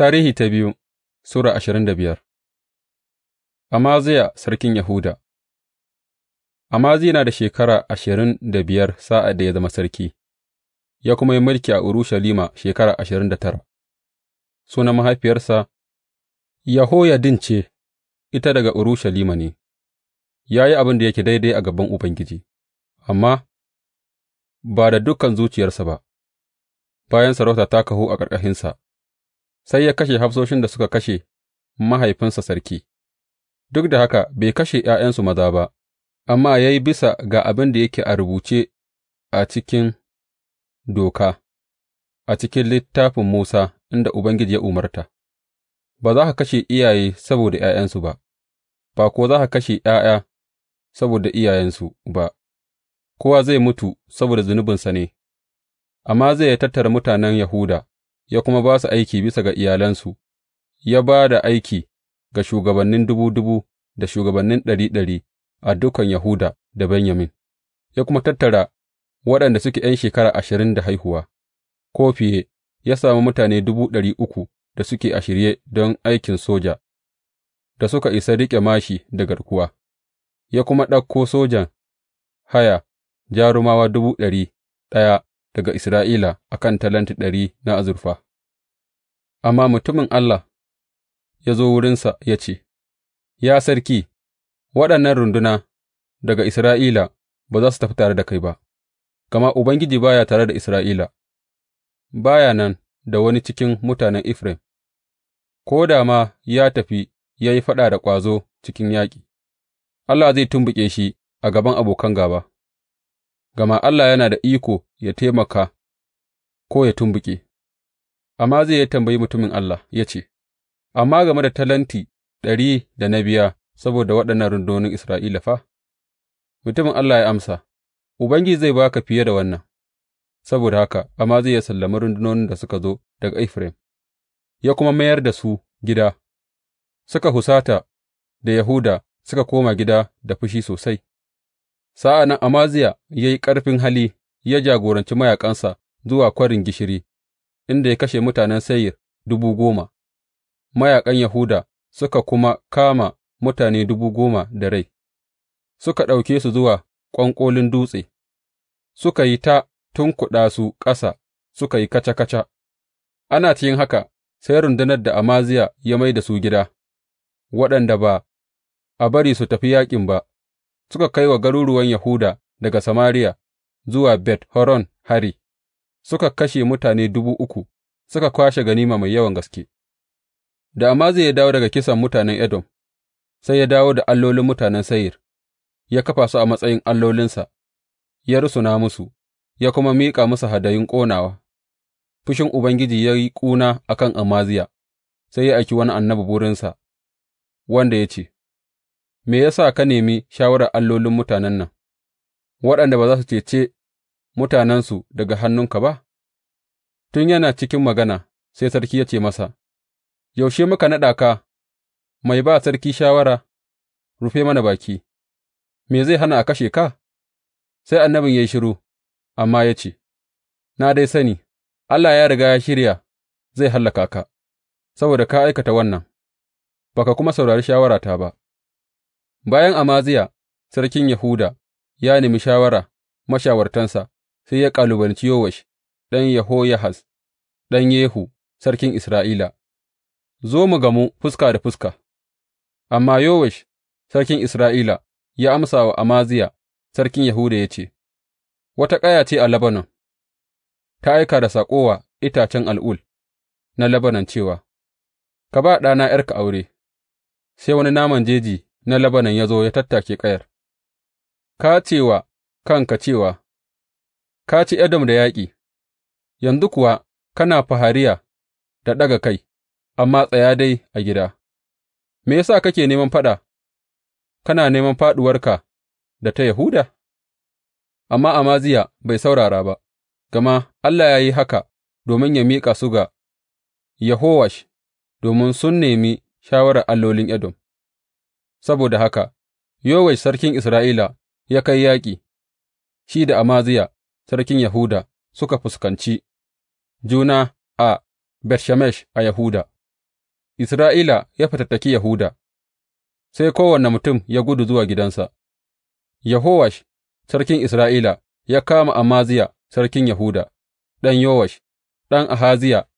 Tarihi ta biyu Sura ashirin da biyar Amaziya sarkin Yahuda Amaziya na da shekara ashirin da biyar sa'ad da ya zama sarki, ya kuma yi mulki a Urushalima shekara ashirin da tara. Suna mahaifiyarsa Yahoyadin ce, ita daga Urushalima ne, ya yi abin da yake daidai a gaban Ubangiji, amma ba da dukkan zuciyarsa ba, bayan sarauta ta kahu a ƙarƙashinsa. sai ya kashe hafsoshin da suka kashe mahaifinsa sarki, duk da haka bai kashe ’ya'yansu maza ba, amma ya yi bisa ga abin da yake a rubuce a cikin doka, a cikin littafin Musa inda Ubangiji ya umarta, ba za ka kashe iyaye saboda ’ya'yansu ba, ba kuwa za ka kashe ’ya'ya saboda iyayensu ba, kowa zai mutu saboda zunubinsa ne, amma zai tattara mutanen Yahuda. ya kuma ba su aiki bisa ga iyalansu, ya ba da aiki ga shugabannin dubu dubu da shugabannin ɗari ɗari a dukan Yahuda da Benyamin, ya kuma tattara waɗanda suke ’yan shekara ashirin da haihuwa, ko fiye, ya sami mutane dubu ɗari uku da suke ashirye don aikin soja, da suka isa riƙe mashi da garkuwa, ya kuma ɗauko sojan haya jarumawa dubu ɗari ɗaya daga Isra'ila a kan talenti ɗari na azurfa, amma mutumin Allah ya zo wurinsa ya ce, Ya sarki, waɗannan runduna daga Isra'ila ba za su tafi tare da kai ba, gama Ubangiji ba ya tare da Isra'ila, ba ya nan da wani cikin mutanen Efraim, ko da ma ya tafi ya yi faɗa da ƙwazo cikin yaƙi, Allah zai tumɓuke shi a gaban abokan gaba. gama Allah yana da iko ya taimaka ko ya tumbuke. Amma zai ya tambayi mutumin Allah ya ce, Amma game da talenti ɗari da na biya saboda waɗannan rundunonin Isra'ila fa? Mutumin Allah ya amsa, Ubangiji zai ba ka fiye da wannan, saboda haka Amma zai ya sallami rundunonin da suka zo daga Efraim, ya kuma mayar da su gida, suka husata da Yahuda suka koma gida da fushi sosai. Sa'an nan Amaziya ya yi ƙarfin hali ya jagoranci mayaƙansa zuwa Kwarin Gishiri, inda ya kashe mutanen Seyir dubu goma, mayaƙan Yahuda suka kuma kama mutane dubu goma da rai, suka ɗauke su zuwa ƙwanƙolin dutse, suka yi ta tunkuɗa su ƙasa, suka yi kaca kaca. Ana cikin haka, sai rundunar da Amaziya ya mai da su gida, waɗanda ba a bari su tafi yaƙin ba. suka kai wa garuruwan Yahuda daga Samariya zuwa Bet Horon hari, suka kashe mutane dubu uku, suka kwashe ganima mai yawan gaske. Da Amaziya ya dawo daga kisan mutanen Edom, sai ya dawo da allolin mutanen sayir. ya kafa su a matsayin allolinsa, ya rusuna musu, ya kuma miƙa musu hadayun ƙonawa. Fushin Ubangiji ya yi ƙuna a kan Amaziya, sai ya aiki wani annabi burinsa. wanda ya ce, Me ya sa ka nemi shawarar allolin mutanen nan, waɗanda ba za su cece mutanensu daga hannunka ba? Tun yana cikin magana, sai sarki ya ce masa, Yaushe muka naɗa ka mai ba sarki shawara, rufe mana baki, me zai hana a kashe ka? Sai annabin ya yi shiru, amma ya ce, Na dai sani, Allah ya riga ya shirya zai hallaka ka, saboda ka aikata wannan, ba ka kuma saurari shawarata ba. Bayan Amaziya sarkin Yahuda ya nemi shawara mashawartansa, sai ya kalubalanci Yowash ɗan Yehoyahaz, ɗan Yehu, sarkin Isra'ila, Zo mu gamu fuska da fuska, amma Yowash sarkin Isra'ila ya amsa wa Amaziya sarkin Yahuda ya ce, Wata ƙaya ce a Lebanon, ta aika da saƙo wa itacen al'ul na Lebanon cewa, Ka ba ɗana ’yarka aure, sai wani naman jeji na Lebanon ya zo ya tattake ƙayar, ka ce wa kanka cewa, Ka ci Edom da yaƙi, yanzu kuwa kana fahariya da ɗaga kai, amma tsaya dai a gida, me ya sa kake neman faɗa, kana neman faɗuwarka da ta Yahuda? Amma Amaziya bai saurara ba, gama Allah ya yi haka domin ya miƙa su ga Yehowash, domin sun nemi shawarar allolin Edom. Saboda haka Yowash sarkin Isra'ila ya kai yaƙi, shi da Amaziya sarkin Yahuda suka fuskanci juna a Bet a Yahuda, Isra'ila ya fatattaki Yahuda, sai kowane mutum ya gudu zuwa gidansa, Yahowash sarkin Isra'ila ya kama Amaziya sarkin Yahuda, ɗan Yowash, ɗan Ahaziya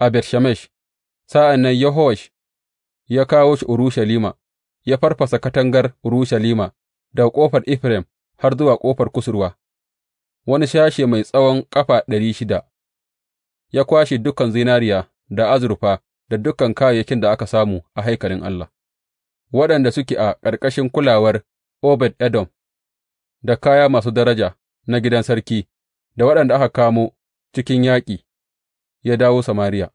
a Bet Shemesh, sa'an nan Yahowash ya kawo shi Urushalima. ya farfasa katangar Urushalima daga ƙofar Efraim har zuwa ƙofar kusurwa, wani sashe mai tsawon ƙafa ɗari shida, ya kwashe dukan zinariya da azurfa da dukan kayayyakin da aka samu a haikalin Allah, waɗanda suke a ƙarƙashin kulawar Obed Edom, da kaya masu daraja na gidan sarki, da waɗanda aka kamo cikin yaƙi, ya dawo Samariya.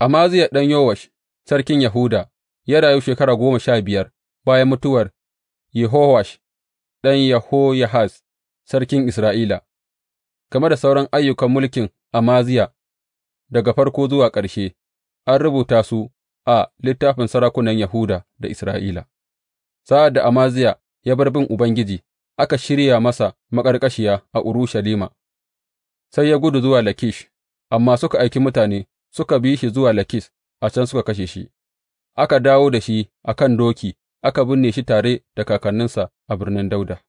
Amaziya ɗan Yowash, sarkin Yahuda, ya rayu shekara goma sha biyar bayan mutuwar Yehowash ɗan Yehoyahaz sarkin Isra'ila, game da sauran ayyukan mulkin Amaziya daga farko zuwa ƙarshe, an rubuta su a littafin sarakunan Yahuda da Isra'ila. Sa'ad da Amaziya ya bar bin Ubangiji, aka shirya masa maƙarƙashiya a Urushalima, sai ya gudu zuwa Lakish, amma suka aiki mutane suka bi shi zuwa Lakish, a can suka kashe shi. aka dawo da shi a kan doki aka binne shi tare da kakanninsa a Birnin Dawuda.